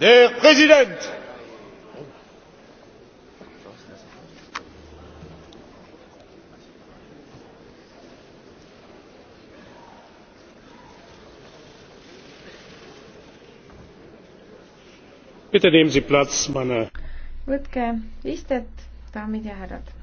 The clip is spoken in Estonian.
Der Präsident! Bitte nehmen Sie Platz, meine. Võtke istet, daamid ja härrad.